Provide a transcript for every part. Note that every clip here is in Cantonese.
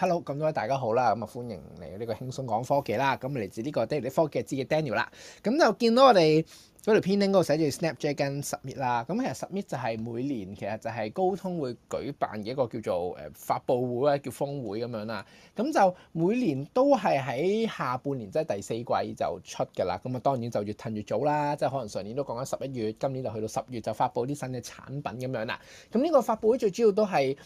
hello，咁多位大家好啦，咁啊歡迎嚟呢個輕鬆講科技啦，咁嚟自呢個 Daniel 科技節嘅 Daniel 啦，咁、嗯、就見到我哋嗰條片嗰度寫住 Snapdragon Summit 十月啦，咁、嗯、其實 Summit 就係每年其實就係高通會舉辦嘅一個叫做誒、呃、發佈會啊，叫峰會咁樣啦，咁、嗯、就每年都係喺下半年，即、就、係、是、第四季就出㗎啦，咁、嗯、啊當然就越褪越早啦，即係可能上年都講緊十一月，今年就去到十月就發布啲新嘅產品咁樣啦，咁、嗯、呢、嗯這個發佈會最主要都係，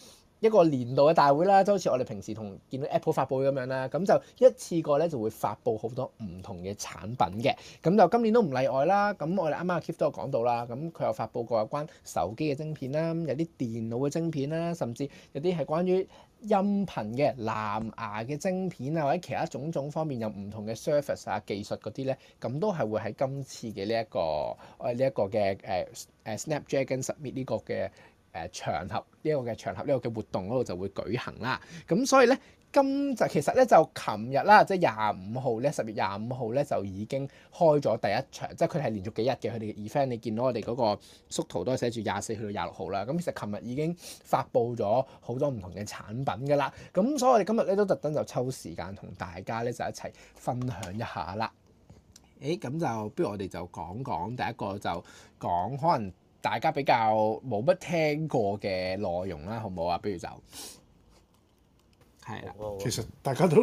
一個年度嘅大會啦，就好似我哋平時同見到 Apple 發布會咁樣啦，咁就一次過咧就會發布好多唔同嘅產品嘅，咁就今年都唔例外啦。咁我哋啱啱阿 Kip 都有講到啦，咁佢有發布過有關手機嘅晶片啦，有啲電腦嘅晶片啦，甚至有啲係關於音頻嘅藍牙嘅晶片啊，或者其他種種方面有唔同嘅 Surface 啊、技術嗰啲咧，咁都係會喺今次嘅呢一個呢一個嘅誒誒 Snapdragon Summit 呢個嘅。誒場合呢、呢個嘅場合呢、呢個嘅活動嗰度就會舉行啦，咁所以呢，今就其實呢，就琴、是、日啦，即係廿五號呢，十月廿五號呢，就已經開咗第一場，即係佢哋係連續幾日嘅佢哋嘅 event 你見到我哋嗰個縮圖都係寫住廿四去到廿六號啦。咁其實琴日已經發布咗好多唔同嘅產品噶啦，咁所以我哋今日呢，都特登就抽時間同大家呢，就一齊分享一下啦。誒、欸、咁就不如我哋就講講第一個就講可能。大家比較冇乜聽過嘅內容啦，好唔好啊？不如就～係啦，其實大家都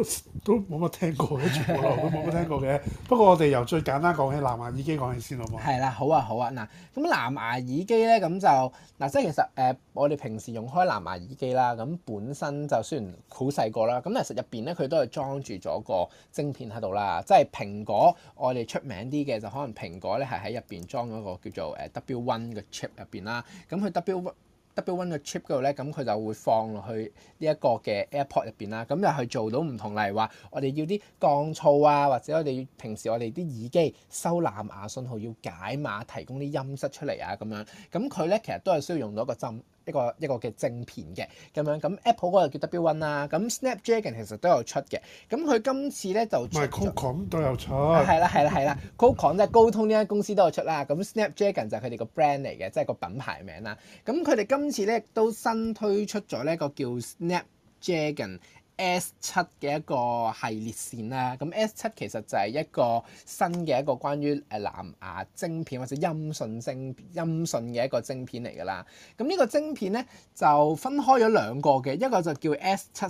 都冇乜聽過嘅 全部都冇乜聽過嘅。不過我哋由最簡單講起藍牙耳機講起先好唔好？係啦，好啊，好啊。嗱，咁藍牙耳機咧，咁就嗱，即係其實誒、呃，我哋平時用開藍牙耳機啦，咁本身就雖然好細個啦，咁其實入邊咧佢都係裝住咗個晶片喺度啦，即係蘋果，我哋出名啲嘅就可能蘋果咧係喺入邊裝咗個叫做誒 W1 嘅 chip 入邊啦，咁佢 W1 w One 嘅 chip 嗰度咧，咁佢就會放落去呢一個嘅 AirPod 入邊啦。咁就去做到唔同例，例如話我哋要啲降噪啊，或者我哋平時我哋啲耳機收藍牙信號要解碼，提供啲音質出嚟啊咁樣。咁佢咧其實都係需要用到一個針。一個一個嘅正片嘅咁樣，咁 Apple 嗰個叫 W1 啦，咁 Snapdragon 其實都有出嘅，咁佢今次咧就，唔係 Qualcomm 都有出，係啦係啦係啦 Qualcomm 即係高通呢間公司都有出啦，咁 Snapdragon 就係佢哋個 brand 嚟嘅，即係個品牌名啦，咁佢哋今次咧都新推出咗咧個叫 Snapdragon。S 七嘅一個系列線啦，咁 S 七其實就係一個新嘅一個關於誒藍牙晶片或者音訊聲音訊嘅一個晶片嚟㗎啦。咁呢個晶片咧就分開咗兩個嘅，一個就叫 S 七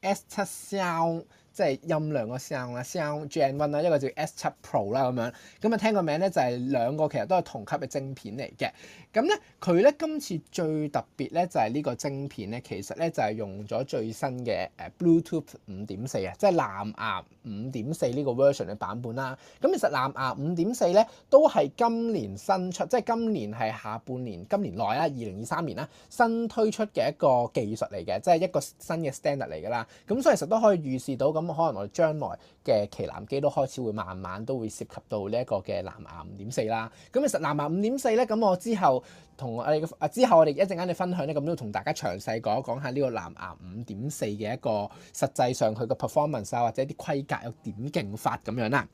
S 七 Sound，即係音量個 Sound 啦，Sound Gen One 啦，一個就叫 S 七 Pro 啦咁樣。咁啊聽個名咧就係、是、兩個其實都係同級嘅晶片嚟嘅。咁咧，佢咧今次最特別咧就係呢個晶片咧，其實咧就係用咗最新嘅誒 Bluetooth 五點四啊，即係藍牙五點四呢個 version 嘅版本啦。咁其實藍牙五點四咧都係今年新出，即係今年係下半年，今年內啦，二零二三年啦，新推出嘅一個技術嚟嘅，即係一個新嘅 standard 嚟㗎啦。咁所以其實都可以預示到，咁可能我哋將來嘅旗艦機都開始會慢慢都會涉及到呢一個嘅藍牙五點四啦。咁其實藍牙五點四咧，咁我之後同我哋嘅啊之後，我哋一陣間嘅分享咧，咁都同大家詳細講一講下呢個藍牙五點四嘅一個實際上佢嘅 performance 啊，或者啲規格又點勁法咁樣啦。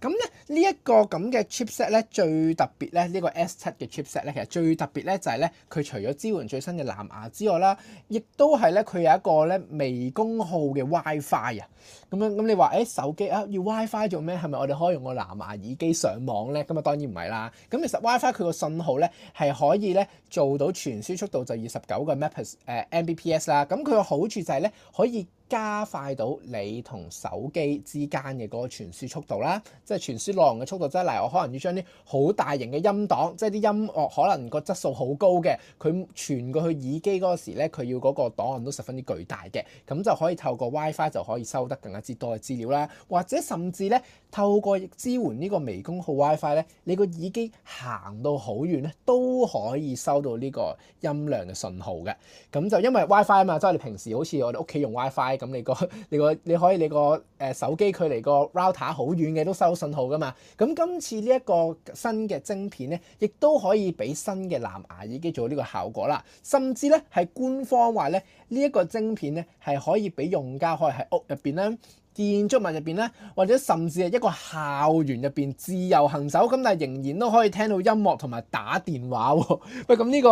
咁咧呢一個咁嘅 chipset 咧最特別咧呢、呢個 S 七嘅 chipset 咧其實最特別咧就係咧佢除咗支援最新嘅藍牙之外啦，亦都係咧佢有一個咧微功耗嘅 WiFi 啊。咁樣咁你話誒、欸、手機啊要 WiFi 做咩？係咪我哋可以用個藍牙耳機上網咧？咁啊當然唔係啦。咁其實 WiFi 佢個信號咧係可以咧做到傳輸速度就二十九個 Mbps 誒 Mbps 啦。咁佢個好處就係咧可以。加快到你同手機之間嘅個傳輸速度啦，即係傳輸內容嘅速度。即係例如我可能要將啲好大型嘅音檔，即係啲音樂可能個質素好高嘅，佢傳過去耳機嗰時咧，佢要嗰個檔案都十分之巨大嘅，咁就可以透過 WiFi 就可以收得更加之多嘅資料啦。或者甚至咧透過支援呢個微功耗 WiFi 咧，Fi、你個耳機行到好遠咧都可以收到呢個音量嘅信號嘅。咁就因為 WiFi 啊嘛，即係你平時好似我哋屋企用 WiFi。Fi 咁你個你個你可以你個誒手機距離個 router 好遠嘅都收信號噶嘛？咁今次呢一個新嘅晶片咧，亦都可以俾新嘅藍牙耳機做呢個效果啦。甚至咧係官方話咧，呢一個晶片咧係可以俾用家可以喺屋入邊啦，建築物入邊啦，或者甚至係一個校園入邊自由行走，咁但係仍然都可以聽到音樂同埋打電話喎。喂， 咁呢個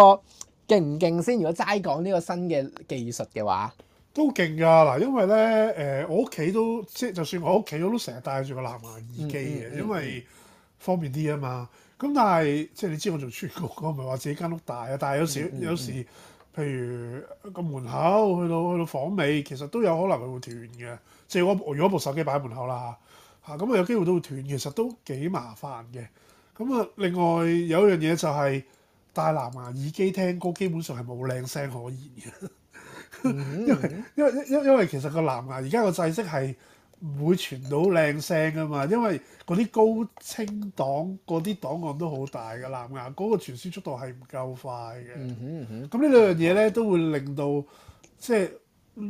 勁唔勁先？如果齋講呢個新嘅技術嘅話？都勁噶嗱，因為咧誒、呃，我屋企都即係，就算我屋企我都成日戴住個藍牙耳機嘅，嗯嗯嗯嗯因為方便啲啊嘛。咁但係即係你知我做全局嘅，唔係話自己間屋大啊。但係有時有時，譬、嗯嗯嗯嗯、如、這個門口去到去到房尾，其實都有可能佢會斷嘅。即係我如果部手機擺喺門口啦嚇咁啊、嗯、有機會都會斷，其實都幾麻煩嘅。咁、嗯、啊，另外有一樣嘢就係、是、戴藍牙耳機聽歌，基本上係冇靚聲可言嘅。 因為因為因因為其實個藍牙而家個制式係唔會傳到靚聲噶嘛，因為嗰啲高清檔嗰啲檔案都好大嘅，藍牙嗰、嗰個傳輸速度係唔夠快嘅。咁呢 兩樣嘢呢都會令到即係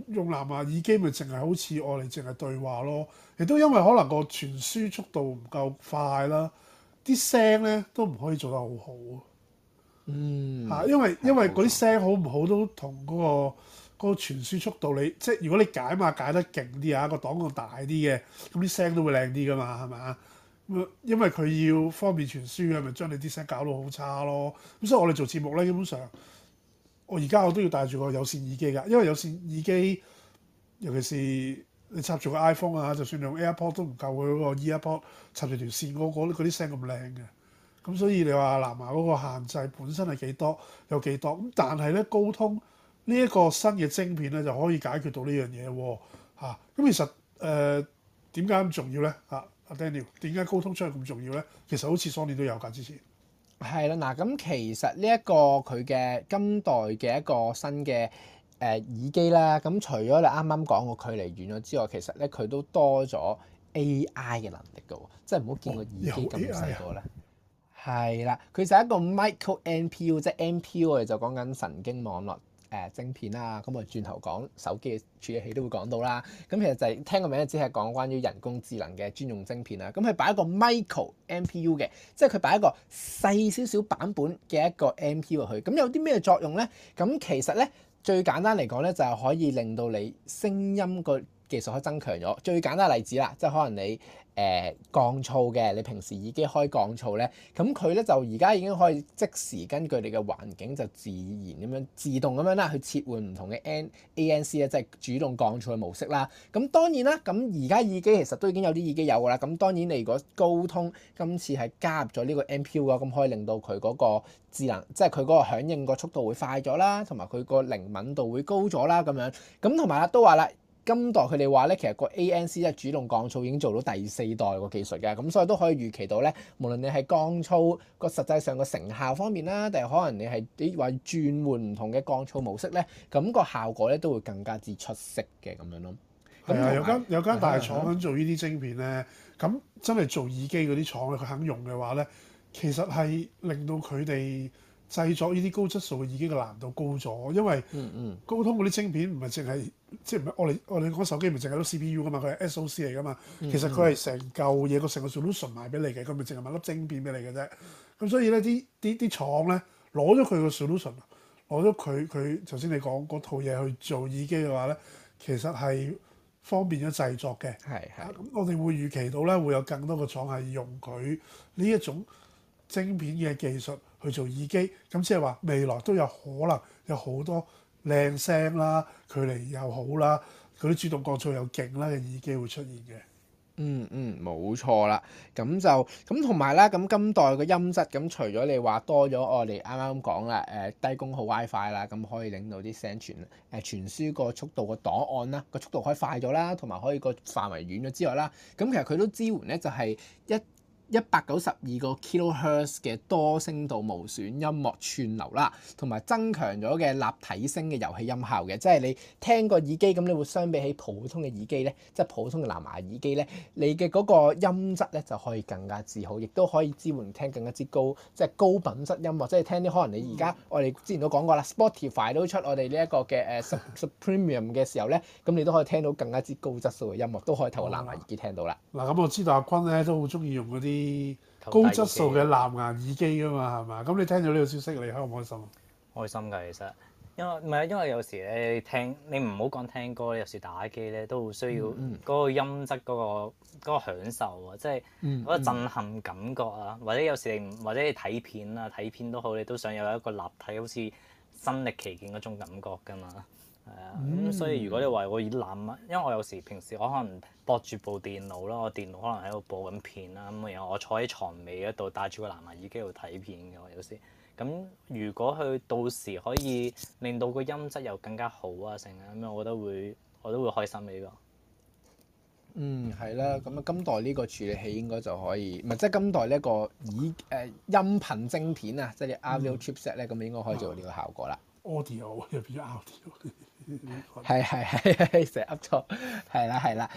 用藍牙耳機咪淨係好似我哋淨係對話咯，亦都因為可能個傳輸速度唔夠快啦，啲聲呢都唔可以做得好好。嗯，嚇、 啊，因為因為嗰啲聲好唔好都同嗰、嗰個。個傳輸速度，你即係如果你解碼解得勁啲啊，個檔度大啲嘅，咁啲聲都會靚啲噶嘛係咪？咁因為佢要方便傳輸啊，咪將你啲聲搞到好差咯。咁所以我哋做節目咧，基本上我而家我都要戴住個有線耳機㗎，因為有線耳機，尤其是你插住個 iPhone 啊，就算你用 AirPod 都唔夠佢、個 EarPod 插住條線，個個嗰啲聲咁靚嘅。咁所以你話藍牙嗰個限制本身係幾多？有幾多？咁但係咧高通呢一個新嘅晶片咧，就可以解決到呢樣嘢喎。咁、啊、其實誒點解咁重要咧？阿、啊、Daniel 點解高通出嚟咁重要咧？其實好似 Sony 都有㗎，之前係啦。嗱，咁其實呢、這、一個佢嘅今代嘅一個新嘅誒耳機咧，咁除咗你啱啱講個距離遠咗之外，其實咧佢都多咗 AI 嘅能力㗎喎，即係唔好見個耳機咁細個咧。係啦、啊，佢就係一個 Micro NPU，即係 NPU 我哋就講緊神經網絡。誒、呃、晶片啦、啊，咁我轉頭講手機處理器都會講到啦。咁其實就係聽個名，只係講關於人工智能嘅專用晶片啊。咁佢擺一個 micro MPU 嘅，即係佢擺一個細少少版本嘅一個 MPU 入去。咁有啲咩作用咧？咁其實咧最簡單嚟講咧，就係、是、可以令到你聲音個技術可以增強咗，最簡單例子啦，即係可能你誒、呃、降噪嘅，你平時耳機開降噪咧，咁佢咧就而家已經可以即時根據你嘅環境就自然咁樣自動咁樣啦，去切換唔同嘅 ANC 咧，即係主動降噪嘅模式啦。咁當然啦，咁而家耳機其實都已經有啲耳機有㗎啦。咁當然你如果高通今次係加入咗呢個 m p u 嘅，咁可以令到佢嗰個智能即係佢嗰個響應個速度會快咗啦，同埋佢個靈敏度會高咗啦。咁樣咁同埋都話啦。今代佢哋話咧，其實個 ANC 咧主動降噪已經做到第四代個技術嘅，咁所以都可以預期到咧，無論你係降噪個實際上個成效方面啦，定係可能你係你話轉換唔同嘅降噪模式咧，咁個效果咧都會更加之出色嘅咁樣咯。咁、啊、有，有間有間大廠肯做呢啲晶片咧，咁真係做耳機嗰啲廠，佢肯用嘅話咧，其實係令到佢哋。製作呢啲高質素嘅耳機嘅難度高咗，因為高通嗰啲晶片唔係淨係，即係唔係我哋我哋手機唔係淨係攞 CPU 噶嘛，佢係 SOC 嚟噶嘛。其實佢係成嚿嘢個成個 solution 賣俾你嘅，佢咪係淨係買粒晶片俾你嘅啫。咁所以咧，啲啲啲廠咧攞咗佢個 solution，攞咗佢佢頭先你講嗰套嘢去做耳機嘅話咧，其實係方便咗製作嘅。係，係。咁、啊、我哋會預期到咧，會有更多嘅廠係用佢呢一種。晶片嘅技術去做耳機，咁即係話未來都有可能有好多靚聲啦，距離又好啦，佢啲主動降噪又勁啦嘅耳機會出現嘅、嗯。嗯嗯，冇錯啦。咁就咁同埋咧，咁今代嘅音質，咁除咗你話多咗我哋啱啱講啦，誒、呃、低功耗 WiFi 啦，咁可以令到啲聲傳誒傳輸個速度個檔案啦，個速度可以快咗啦，同埋可以個範圍遠咗之外啦，咁其實佢都支援咧，就係、是、一一百九十二個 kilohertz 嘅多聲道無損音樂串流啦，同埋增強咗嘅立體聲嘅遊戲音效嘅，即係你聽個耳機，咁，你會相比起普通嘅耳機咧，即係普通嘅藍牙耳機咧，你嘅嗰個音質咧就可以更加之好，亦都可以支援聽更加之高，即係高品質音樂，即係聽啲可能你而家、嗯、我哋之前都講過啦，Spotify 都出我哋呢一個嘅誒、uh, Supremium 嘅時候咧，咁你都可以聽到更加之高質素嘅音樂都可以透過藍牙耳機聽到啦。嗱，咁我知道阿坤咧都好中意用嗰啲。啲高，高質素嘅藍牙耳機㗎嘛，係嘛？咁你聽到呢個消息，你開唔開心？開心㗎，其實，因為唔係啊，因為有時咧聽，你唔好講聽歌，你有時打機咧都好需要嗰個音質，嗰個，嗰、嗰個享受啊，即係嗰個震撼感覺啊，嗯嗯或者有時或者你睇片啊，睇片都好，你都想有一個立體好似身歷其境嗰種感覺㗎嘛。係啊，咁、嗯 嗯、所以如果你話我攬，因為我有時平時我可能播住部電腦啦，我電腦可能喺度播緊片啦，咁然後我坐喺床尾嗰度戴住個藍牙耳機度睇片嘅，我有時咁、嗯、如果佢到時可以令到個音質又更加好啊，成咁我覺得會我都會開心呢咯。嗯，係啦，咁啊金代呢個處理器應該就可以，唔係即係金代呢個耳誒、呃、音頻晶片啊，即係啲 a u o chipset 咧，咁應該可以做到呢個效果啦。Audio 入邊 audio。係係係係，成日噏錯，係啦係啦。